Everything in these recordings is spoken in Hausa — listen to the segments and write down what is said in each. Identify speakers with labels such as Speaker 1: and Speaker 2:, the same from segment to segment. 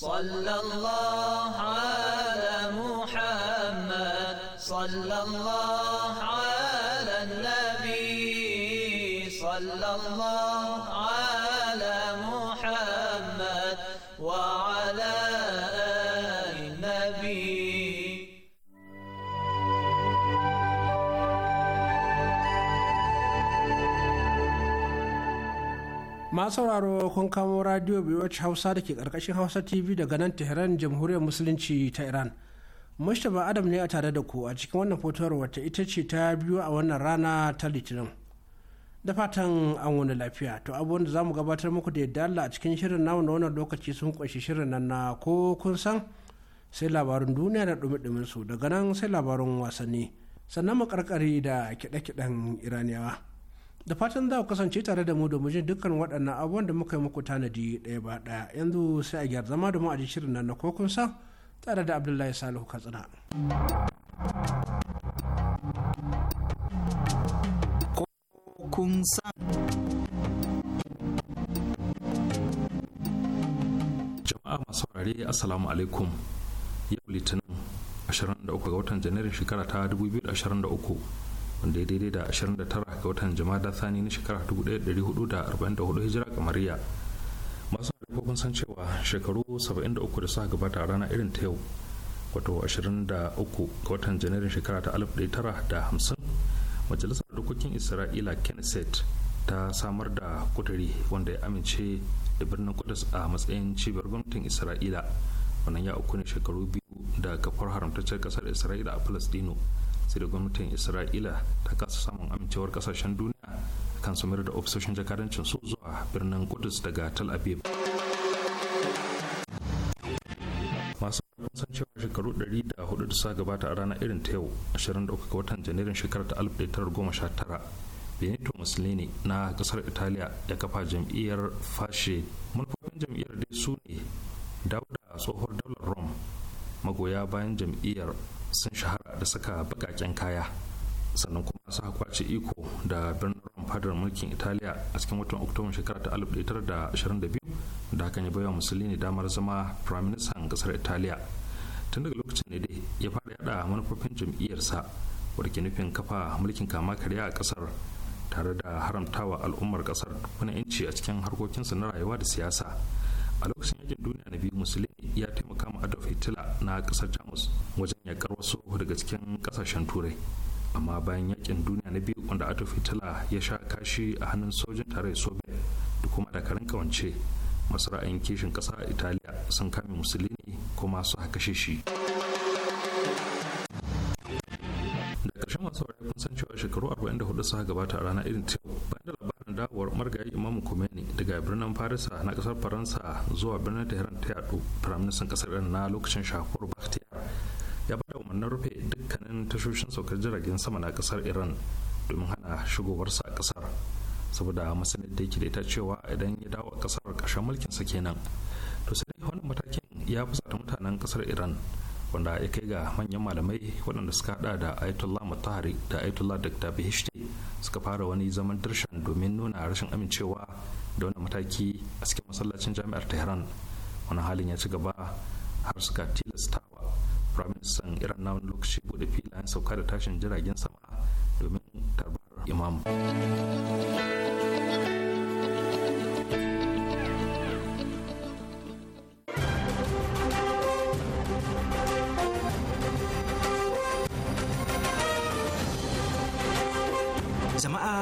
Speaker 1: صلى الله على محمد صلى الله عليه
Speaker 2: masu sauraro kun kamo radio biyoci hausa da ke karkashin hausa tv daga nan tehran jamhuriyar musulunci ta iran mustapha adam ne a tare da ku a cikin wannan fotowar wata ita ce ta biyu a wannan rana ta litinin da fatan an wani lafiya to abubuwan da za mu gabatar muku da yadda allah a cikin shirin namu na wannan lokaci sun kunshi shirin nan na ko kun san sai labarin duniya da dumi su daga nan sai labarin wasanni sannan mu karkari da kiɗe-kiɗen iraniyawa da fatan za ku kasance tare da mu domin jin dukkan waɗannan abubuwan da muka yi muku tanadi ɗaya ba ɗaya yanzu sai a gyar zama domin a ji shirin nan na kokun sa tare da abdullahi salihu katsina
Speaker 3: jama'a masu saurare assalamu alaikum yau litinin 23 ga watan janairun shekara ta 2023 wanda ya daidai da 29 ga watan jama'a sani na shekara 1444 hijira kamariya masu harkokin san cewa shekaru 73 da suka gabata a rana irin ta yau wato 23 ga watan janairun shekara ta 1950 majalisar dokokin isra'ila kenneth ta samar da kuduri wanda ya amince da birnin kudus a matsayin cibiyar gwamnatin isra'ila wannan ya uku ne shekaru biyu da kafar haramtaccen kasar isra'ila a palestino sai da gwamnatin isra'ila ta kasa samun amincewar kasashen duniya kan samar da ofisoshin jakadancin su zuwa birnin kudus daga tel aviv masu kun san cewa shekaru 104 da sa gabata a ranar irin ta yau 23 ga watan janairun shekarar ta 1919 benito mussolini na kasar italiya ya kafa jam'iyyar fashe manufofin jam'iyyar dai su ne dawo da tsohuwar daular rome magoya bayan jam'iyyar sun shahara da saka bakaken kaya sannan kuma suka kwace iko da birnin rom fadar mulkin italiya a cikin watan oktoban shekara ta 1922 da da biyu hakan ya baiwa musulini damar zama prime minister kasar italiya tun daga lokacin ne dai ya fara yada manufofin jam'iyyarsa wadda ke nufin kafa mulkin kama karya a kasar tare da haramtawa al'ummar kasar wani yanci a cikin harkokinsa na rayuwa da siyasa a lokacin yakin duniya na biyu musulini ya taimaka ma adolf hitler na kasar jamus wajen yakar wasu daga cikin kasashen turai amma bayan yakin duniya na biyu wanda adolf hitler ya sha kashi a hannun sojin tarayyar soviet da kuma dakarun kawance masu ra'ayin kishin kasa italiya sun kame musulini kuma su haka shi da ƙarshen masu kun san cewa shekaru 44 haka gabata a rana irin ta bayan da dawowar marigayi imam kumeni daga birnin farisa na kasar faransa zuwa birnin tehran ta yadu firaministan kasar iran na lokacin shakur bakhtiyar ya bada umarnin rufe dukkanin tashoshin saukar jiragen sama na kasar iran domin hana shigowarsa a kasar saboda masanin da yake da ita cewa idan ya dawo kasar mulkin mulkinsa kenan to sai wannan matakin ya fusata mutanen kasar iran wanda ya kai ga manyan malamai waɗanda suka haɗa da ayatollah mutahari da ayatollah dr bht suka fara wani zaman dirshan domin nuna rashin amincewa da wani mataki a cikin masallacin jami'ar tehran wani halin ya ci gaba har suka tilasta tilastawa firaministan iran na wani lokaci bude filayen sauka da tashin jiragen sama domin tarbar imam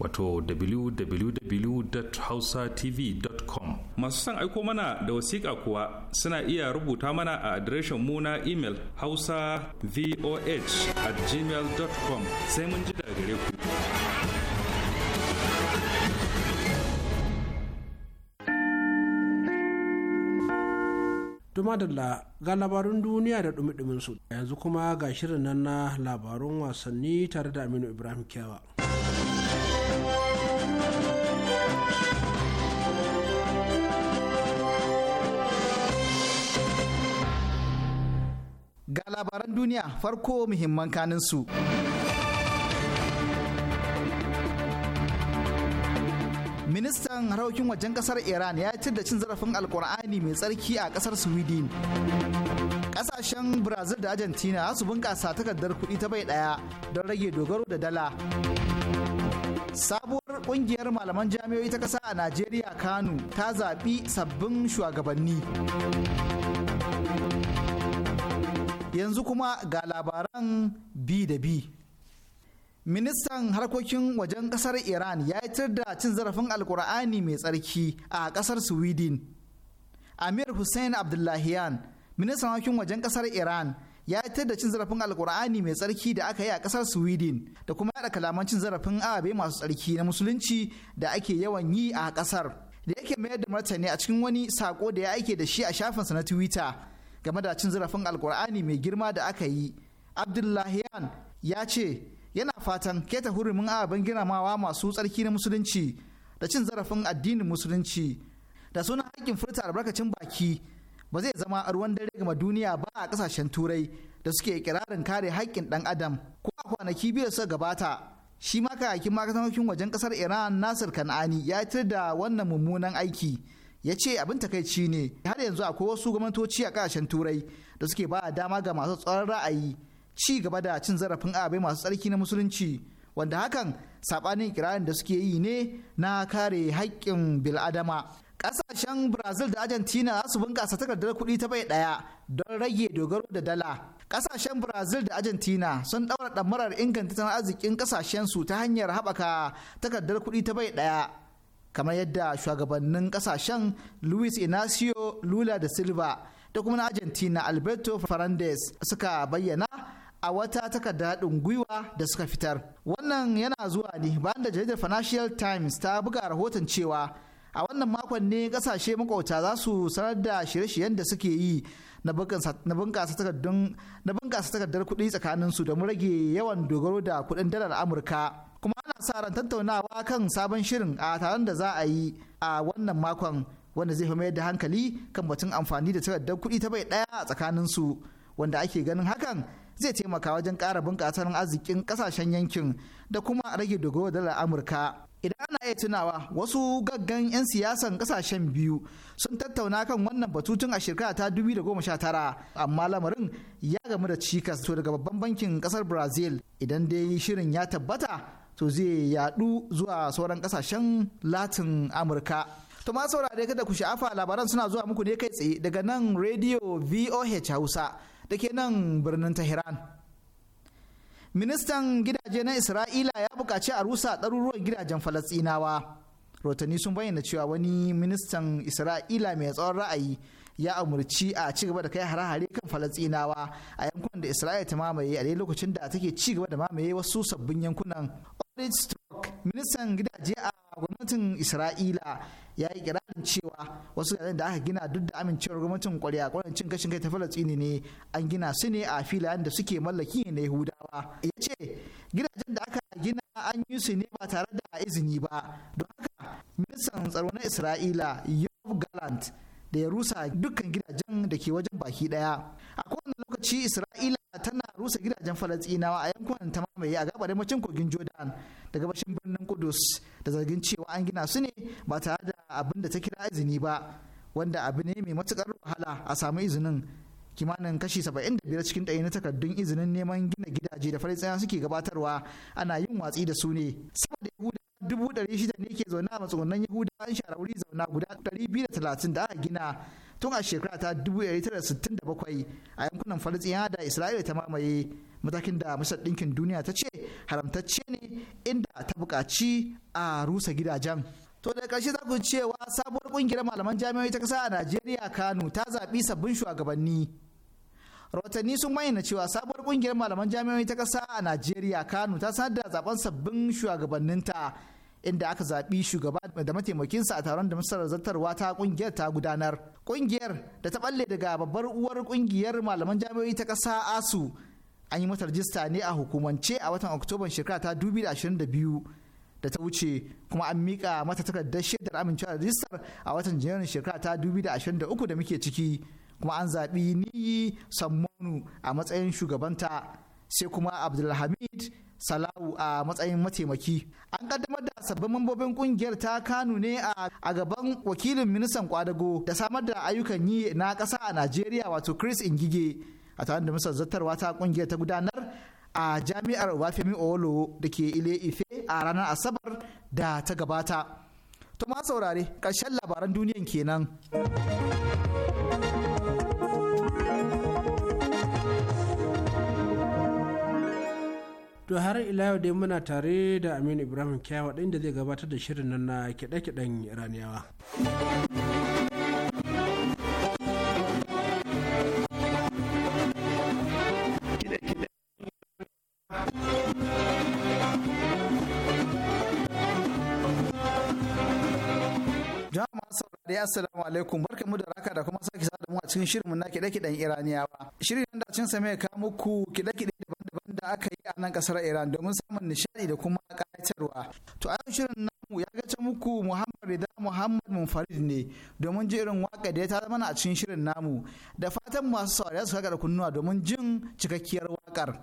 Speaker 3: wato www.hausatv.com masu son aiko mana da wasiƙa kuwa suna iya rubuta mana a adireshin mu na imel hausa voh at gmail.com sai mun ji gare ku
Speaker 2: Dumadalla ga labarun duniya da dumi su yanzu kuma ga shirin nan na labarun wasanni tare da Aminu Ibrahim Kyawa.
Speaker 4: ga labaran duniya farko muhimman kanin su. ministan harkokin wajen kasar iran ya ci da cin zarafin alkur'ani mai tsarki a kasar sweden kasashen brazil da argentina su bunƙasa takardar kuɗi ta bai ɗaya don rage dogaro da dala sabuwar ƙungiyar malaman jami'o'i ta ƙasa a najeriya kano ta zaɓi sabbin shugabanni yanzu kuma ga labaran bi da bi ministan harkokin wajen kasar iran ya yi da cin zarafin alkur'ani mai tsarki a kasar sweden amir hussein abdullahian ministan harkokin wajen kasar iran ya yi da cin zarafin alkur'ani mai tsarki da aka yi a kasar sweden da kuma yada kalaman cin zarafin ababe masu tsarki na musulunci da ake yawan yi a kasar da yake mayar da martani a cikin wani sako da ya aike da shi a shafinsa na twitter game da cin zarafin alkur'ani mai girma da aka yi abdullahiyan ya ce yana fatan keta hurumin ababen girmamawa masu tsarki na musulunci da cin zarafin addinin musulunci da sunan haƙƙin furta albarkacin baki ba zai zama ruwan dare game duniya ba a ƙasashen turai da suke kirarin kare haƙƙin ɗan adam ko a kwanaki biyu suka gabata shi ma kayakin makasamakin wajen ƙasar iran nasir kan'ani ya tir da wannan mummunan aiki ya ce abin takaici ne har yanzu akwai wasu gwamnatoci a kasashen turai da suke ba dama ga masu tsoron ra'ayi ci gaba da cin zarafin abai masu tsarki na musulunci wanda hakan sabanin ikirarin da suke yi ne na kare haƙƙin bil'adama ƙasashen brazil da argentina za su bunƙasa takardar kuɗi ta bai ɗaya don rage dogaro da dala ƙasashen brazil da argentina sun ɗaura ɗamarar inganta tattalin arzikin ƙasashensu ta hanyar haɓaka takardar kuɗi ta bai ɗaya kamar yadda shugabannin kasashen luis inacio lula da silva da kuma na argentina alberto fernandez suka bayyana a wata takarda haɗin gwiwa da suka fitar wannan yana zuwa ne bayan da jaridar financial times ta buga rahoton cewa a wannan makon ne kasashe makauta za su sanar da shirye-shiryen da suke yi na bunkasa takardar kuɗi tsakaninsu da mu rage yawan dogaro da kuɗin dalar amurka kuma ana sa ran tattaunawa kan sabon shirin a taron da za a yi a wannan makon wanda zai mayar da hankali kan batun amfani da takardar kuɗi ta bai ɗaya a tsakanin su wanda ake ganin hakan zai taimaka wajen ƙara bunƙasar arzikin ƙasashen yankin da kuma rage dogaro dalar amurka idan ana iya tunawa wasu gaggan 'yan siyasan kasashen biyu sun tattauna kan wannan batutun a shekara ta 2019 amma lamarin ya gamu da cikas to daga babban bankin ƙasar brazil idan dai shirin ya tabbata to zai yadu zuwa sauran kasashen latin amurka to ma saurare kada ku sha'afa labaran suna zuwa muku ne kai tsaye daga nan radio voh hausa da ke nan birnin tahiran. ministan gidaje na isra'ila ya buƙaci a rusa ɗaruruwan gidajen falastinawa rotani sun bayyana cewa wani ministan isra'ila mai tsawon ra'ayi ya umurci a ci gaba da kai hare-hare kan falastinawa a yankunan da isra'ila ta mamaye a lokacin da take ci gaba da mamaye wasu sabbin yankunan Ridstock, ministan gidaje a gwamnatin Isra'ila ya yi kirarin cewa wasu gidajen da aka gina duk da amincewar gwamnatin kwarya a cin gashin kai ta Falastini ne an gina su ne a filayen da suke mallaki na Yahudawa. Ya ce gidajen da aka gina an yi su ne ba tare da izini ba don haka ministan tsaro na Isra'ila Yov Galant da ya rusa dukkan gidajen da ke wajen baki daya a kowane lokaci isra'ila tana rusa gidajen Falasinawa a yankunan ta mamaye a gabar macin kogin jordan da gabashin birnin kudus da zargin cewa an gina su ne ba tare da abin da ta kira izini ba wanda abu ne mai matukar wahala a samu izinin kimanin kashi 75 cikin ɗari na takardun izinin neman gina gidaje da farin suke gabatarwa ana yin watsi da su ne saboda yahuda dubu ɗari shida ne ke zaune a matsugunan an shara wuri zauna guda ɗari biyu da talatin da aka gina tun a shekara ta dubu ɗari tara sittin da bakwai a yankunan falisɗiya da isra'ila ta mamaye matakin da masar ɗinkin duniya ta ce haramtacce ne inda ta buƙaci a rusa gidajen To da ƙarshe za ku cewa sabuwar ƙungiyar malaman jami'o'i ta ƙasa a Najeriya Kano ta zaɓi sabbin shugabanni. Rahotanni sun bayyana cewa sabuwar kungiyar malaman jami'ai ta ƙasa a Najeriya Kano ta sanar da zaben sabbin shugabanninta inda aka zaɓi shugaba da mataimakinsa a taron da masarar zartarwa ta ƙungiyar ta gudanar. Ƙungiyar da ta ɓalle daga babbar uwar ƙungiyar malaman jami'o'i ta ƙasa ASU an yi mata rajista ne a hukumance a watan Oktoban shekara ta 2022 da ta wuce kuma an miƙa mata takardar shaidar amincewa da rajistar a watan janairun shekara ta 2023 da muke ciki kuma an zaɓi niyi sammonu a matsayin shugabanta sai kuma abdulhamid salawu a matsayin mataimaki. An kaddamar da sabbin mambobin kungiyar ta Kano ne a gaban wakilin ministan kwadago da samar da ayyukan yi na ƙasa a Najeriya wato Chris Ingige a tare da misal zartarwa ta kungiyar ta gudanar a jami'ar Wafemi Owolo da ke Ile Ife a ranar Asabar da ta gabata. To ma saurare ƙarshen labaran duniyan kenan. to
Speaker 2: har ila yau dai muna tare da aminu ibrahim kyawa da zai gabatar da shirin nan na kiɗe-kiɗen iraniyawa
Speaker 4: assalamu alaikum barka mu da raka da kuma sake sada mu a cikin shirin na kiɗe-kiɗen iraniyawa shirin da cin sa mai muku kiɗe-kiɗe aka yi a nan kasar Iran domin samun nishadi da kuma kayatarwa. To a shirin namu ya gace muku Muhammad Rida Muhammad Munfarid ne domin ji irin waka da ya ta mana a cikin shirin namu da fatan masu saurari su kaga da kunnuwa domin jin cikakkiyar wakar.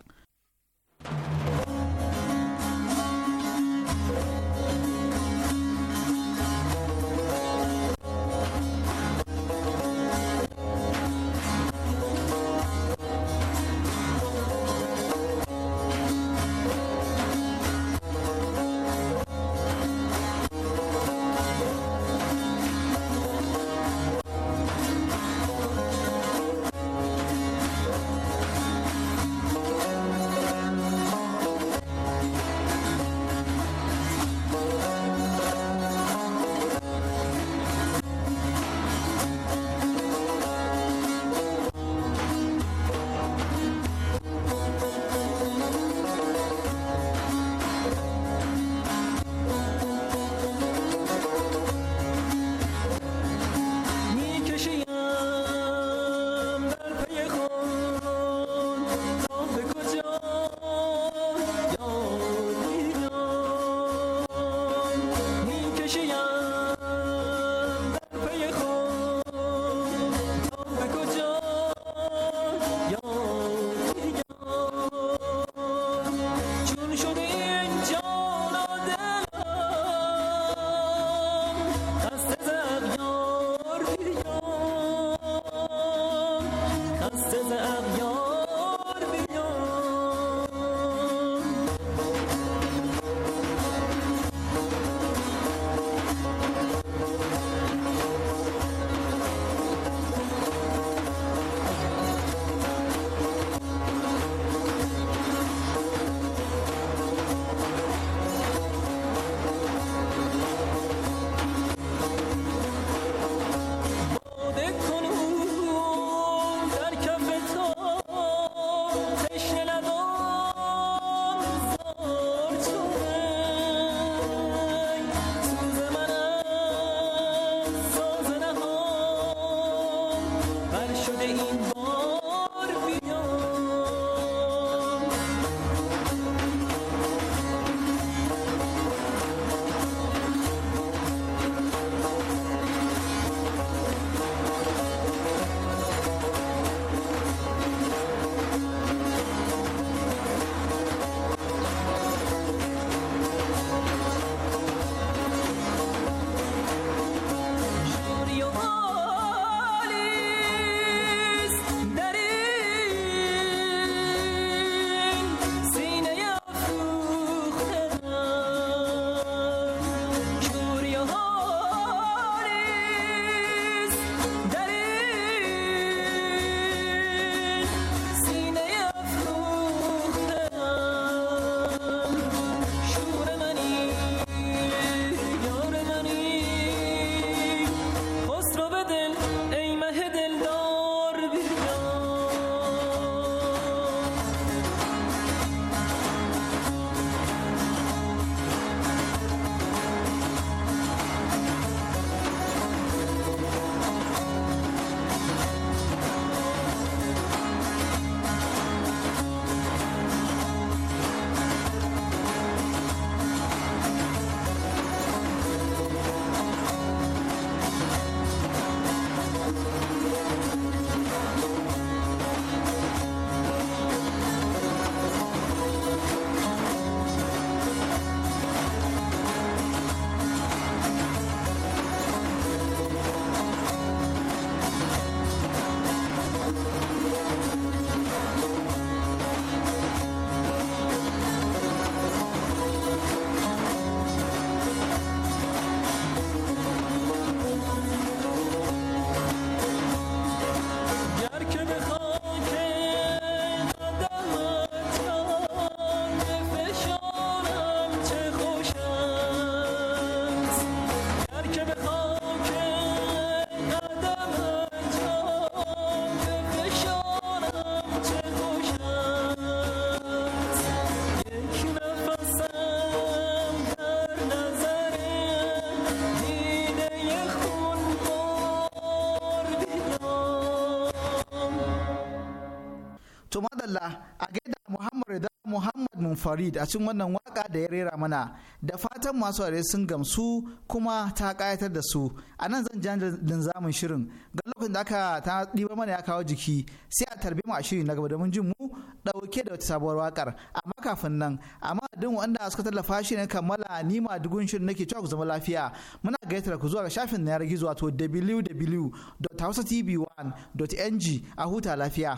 Speaker 4: farid a cikin wannan waka da ya rera mana da fatan masu aure sun gamsu kuma ta kayatar da su a nan zan jan linzamin shirin ga lokacin da aka ta ɗiba mana ya kawo jiki sai a tarbe mu a shiri na gaba mun jin mu ɗauke da wata sabuwar wakar amma kafin nan amma duk wanda suka tallafa shi ne kammala ni ma dugun shirin nake cewa ku zama lafiya muna gayyatar ku zuwa ga shafin na yar gizo wato www.hausatv1.ng a huta lafiya.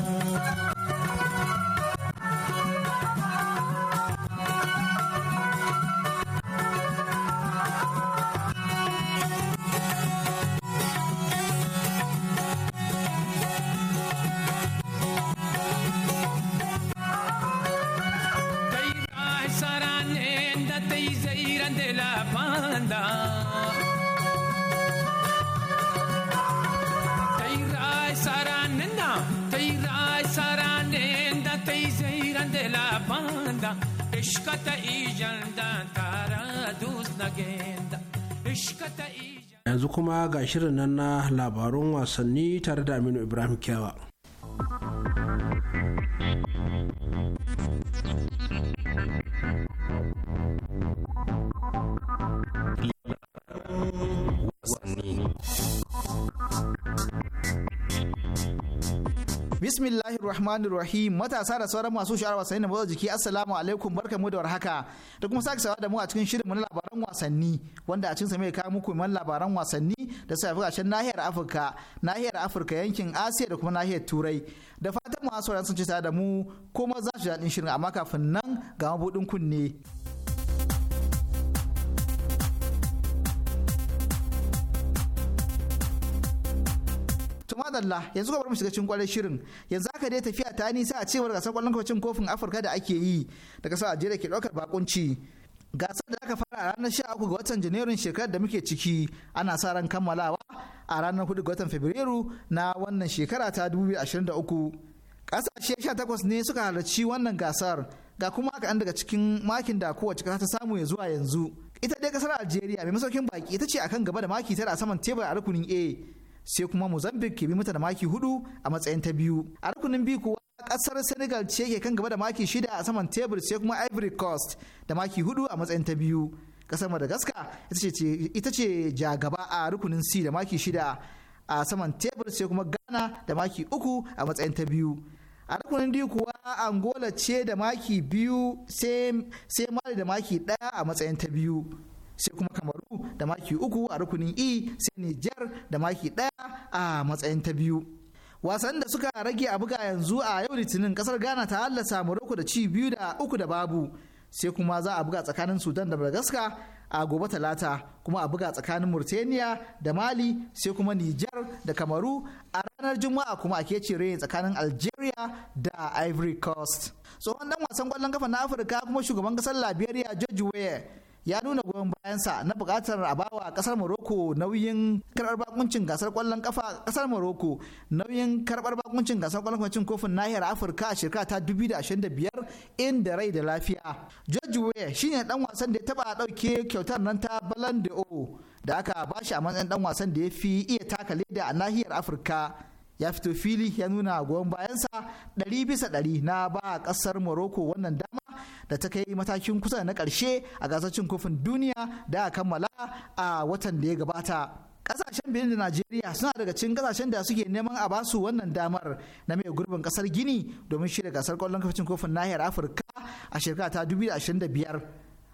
Speaker 1: endate y se irán de la te irán de la Ishkata y yanda, nagenda.
Speaker 5: Ishkata y
Speaker 2: yanzu kuma ga shirin nan na labarun wasanni tare da Aminu Ibrahim Kyawa.
Speaker 4: Bismillahirrahmanirrahim rahmanir rahim matasa da sauran masu sha'ar wasanni na motsa jiki assalamu alaikum barkamu da warhaka da kuma sake sawa da mu a cikin shirin mu na labaran wasanni wanda a cikin sa mai kawo muku man labaran wasanni da suka fi gashin nahiyar Afirka nahiyar Afirka yankin Asiya da kuma nahiyar Turai da fatan masu sauran sun ci da mu kuma za su ji daɗin shirin amma kafin nan ga mabudin kunne. madalla yanzu bar mu shiga cikin kwarar shirin yanzu aka dai tafiya ta nisa a cewar gasar kwallon kwacin kofin afirka da ake yi da kasar algeria ke ɗaukar bakunci gasar da aka fara a ranar 13 ga watan janairun shekarar da muke ciki ana sa ran kammalawa a ranar 4 ga watan fabrairu na wannan shekara ta 2023 ƙasashe 18 ne suka halarci wannan gasar ga kuma an daga cikin makin da kowace ƙasa ta samu ya zuwa yanzu ita dai kasar algeria mai masaukin baki ita ce akan gaba da maki tara a saman tebur a rukunin a sai kuma Mozambique ke bi mata da maki hudu a matsayin ta biyu. A rukunin biyu kuwa kasar Senegal ce ke kan gaba da maki shida a saman tebur sai kuma Ivory Coast da maki hudu a matsayin ta biyu. Kasar Madagascar ita ce ja gaba a rukunin C da maki shida a saman tebur sai kuma Ghana da maki uku a matsayin ta biyu. a rukunin D kuwa Angola ce da maki biyu sai Mali da maki ɗaya a matsayin ta biyu sai kuma kamaru da maki uku a rukunin e sai nijar da maki ɗaya a matsayin ta biyu wasan da suka rage a buga yanzu a yau litinin kasar ghana ta hallasa morocco da ci biyu da uku da babu sai kuma za a buga tsakanin sudan da madagascar a gobe talata kuma a buga tsakanin mauritania da mali sai kuma niger da kamaru a ranar juma'a kuma a kece rayin tsakanin algeria da ivory coast tsohon dan wasan kwallon kafa na afirka kuma shugaban kasar liberia george weah ya nuna goyon bayansa na bukatar a bawa kasar Morocco nauyin karbar bakuncin gasar kwallon kafa kasar Morocco nauyin karbar bakuncin gasar kwallon kwacin kofin nahiyar Afirka a shekara ta 2025 inda rai da lafiya. George Weah shine dan wasan da ya taba ɗauke kyautar nan ta Ballon d'Or da aka bashi a matsayin dan wasan da ya fi iya taka leda a nahiyar Afirka. ya fito fili ya nuna goyon bayansa ɗari bisa ɗari na ba ƙasar Morocco wannan dama da ta kai matakin kusa na ƙarshe a gasar kofin duniya da a kammala a watan da ya gabata. kasashen benin da najeriya suna daga cikin kasashen da suke neman a basu wannan damar na mai gurbin kasar gini domin shirya gasar kwallon kafin kofin nahiyar afirka a shekara ta biyar.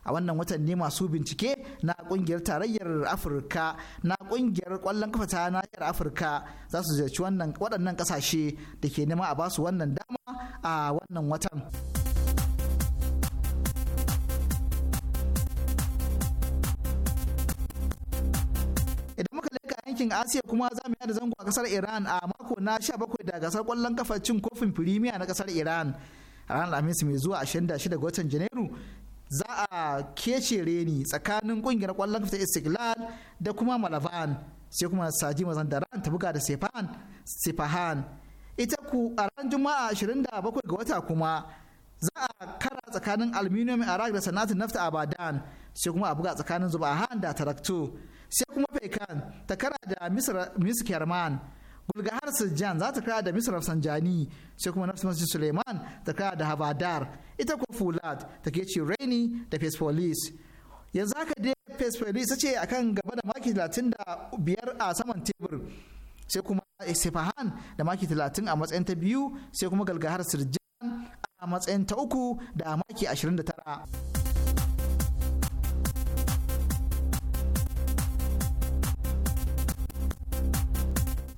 Speaker 4: a wannan watan ne masu bincike na kungiyar tarayyar afirka na kungiyar kwallon kafa ta nahiyar afirka za su ziyarci waɗannan kasashe da ke neman a basu wannan dama a wannan watan. idan muka leka yankin asiya kuma za mu yada zango a kasar iran a mako na 17 da gasar kwallon kafa cin kofin firimiya na kasar iran a ranar alhamis mai zuwa 26 ga watan janairu za a kece reni tsakanin kungiyar kwallon kafa ta istiklal da kuma malavan sai kuma saji mazandaran ta buga da sefahan ita ku a ran juma'a 27 ga wata kuma za a kara tsakanin aluminium iraq da sanatin nafta abadan sai kuma a buga tsakanin zubahan da tarakto sai kuma pekan ta kara da miss kerman gulgahar sijjan za ta kara da miss sanjani sai kuma nafsu masu suleiman ta kara da habadar ita kuwa fulat ta ke ci raini da police yanzu haka dai police ce a kan gaba da maki 35 a saman tebur sai kuma sefahan da maki 30 a matsayin ta biyu sai kuma galgahar sirjan a matsayin ta uku da maki 29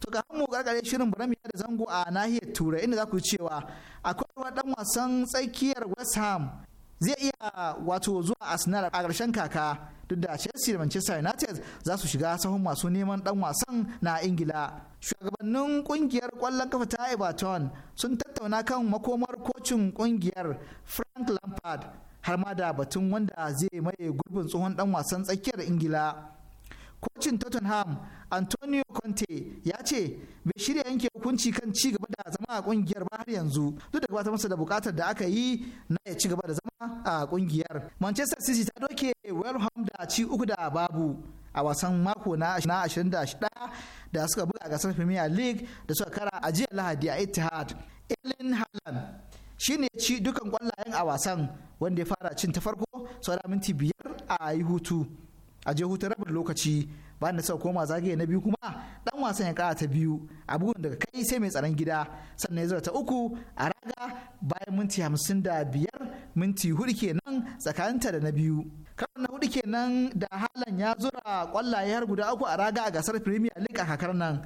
Speaker 4: ga mu gargare shirin barami da zango a nahiyar turai inda za ku cewa akwai dan wasan tsakiyar west ham zai iya wato zuwa arsenal a ƙarshen kaka duk da chelsea da manchester united za su shiga sahun masu neman dan wasan na ingila shugabannin kungiyar kwallon kafa ta everton sun tattauna kan makomar kocin kungiyar frank lampard har ma da batun wanda zai maye gurbin tsohon dan wasan tsakiyar ingila kocin tottenham antonio conte ya ce bai shirya yanke hukunci kan ci gaba da zama a kungiyar ba har yanzu duk da gabata masa da bukatar da aka yi na ya ci gaba da zama a kungiyar manchester city ta doke welham da ci uku da babu a wasan mako na 21 da suka buga a gasar premier league da suka kara a jiya lahadi a etihad elin haaland shine ci dukan kwallayen a wasan wanda ya fara cin ta farko saura minti biyar a yi hutu a je hutun rabin lokaci bayan da suka koma zagaye na biyu kuma dan wasan ya kara ta biyu a bugun daga kai sai mai tsaron gida sannan ya zura ta uku a raga bayan minti hamsin da biyar minti hudu kenan tsakaninta da na biyu karon na hudu kenan da halan ya zura kwallaye har guda uku a raga a gasar premier league a kakar nan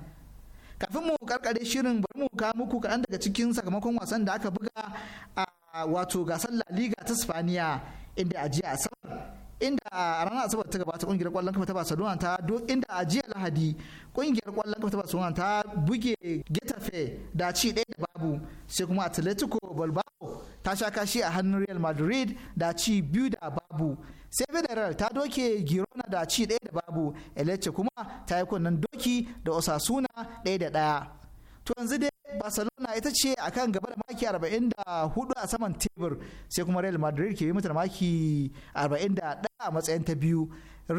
Speaker 4: kafin mu karkare shirin bari mu ka muku kaɗan daga cikin sakamakon wasan da aka buga a wato gasar la liga ta spaniya inda a jiya asabar inda a ranar asabar ta gabata kungiyar kwallon kafa ta barcelona ta duk inda a jiya lahadi kungiyar kwallon kafa ta barcelona ta buge getafe da ci daya da babu sai kuma atletico balbao ta sha kashi a hannun real madrid da ci biyu da babu sai federal ta doke girona da ci daya da babu elece kuma ta yi kunnen doki da osasuna ɗaya da ɗaya to yanzu dai barcelona ita ce akan gaba da maki 44 a saman tebur sai kuma real madrid ke yi mata da maki 41 a matsayin ta biyu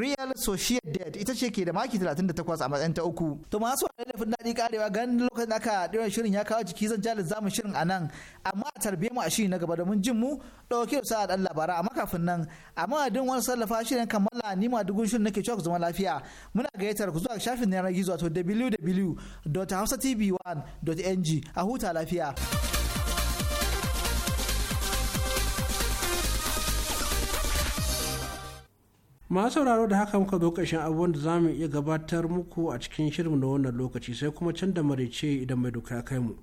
Speaker 4: real sociedad ita ce ke da maki 38 a matsayin ta uku to masu laifin daɗi karewa gan lokacin aka ɗiran shirin ya kawo jiki zan jalis zamu shirin a nan amma a tarbe mu a shiri na gaba domin jin mu ɗauke da sa'a ɗan labara amma kafin nan amma adin wani sallafa shirin kammala ni ma dugun shirin nake cewa ku zama lafiya muna gayyatar ku zuwa shafin yanar gizo wato www.hausatv1.ng a huta lafiya.
Speaker 2: masu sauraro da haka muka zo ƙarshen abubuwan da za mu iya gabatar muku a cikin shirin na wannan lokaci sai kuma can da marice idan mai doka kai mu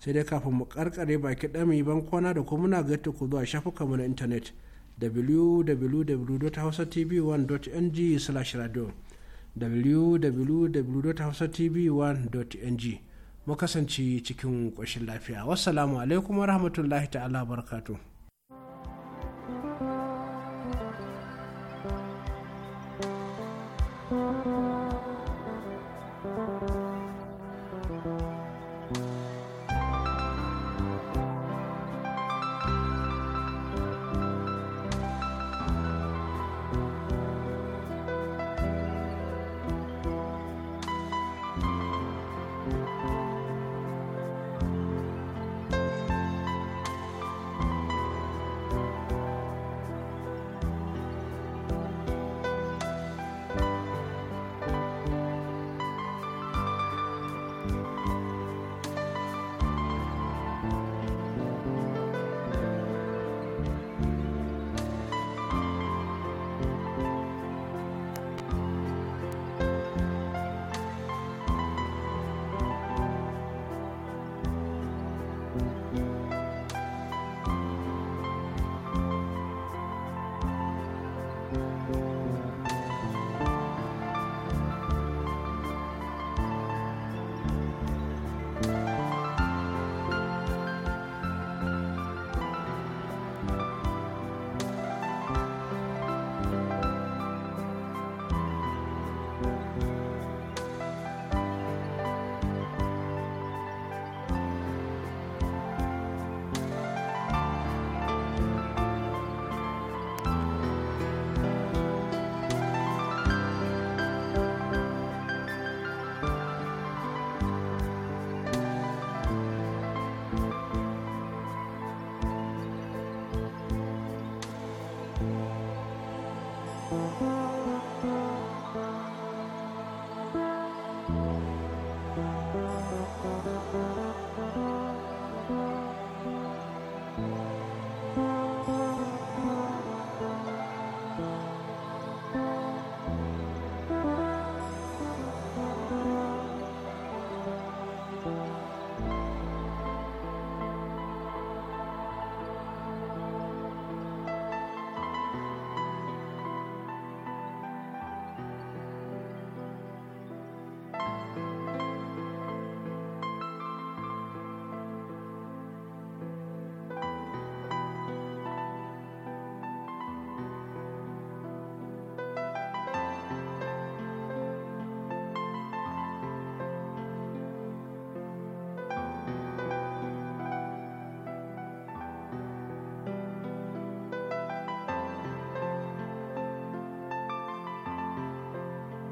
Speaker 2: sai dai kafin mu karkare baki ɗami ban kwana da kuma muna gaita ku zuwa mu na intanet www.hausatv1.ng slash radio www.hausatv1.ng mu kasance cikin ƙoshin lafiya wassalamu alaikum warahmatullahi ta'ala barakatuh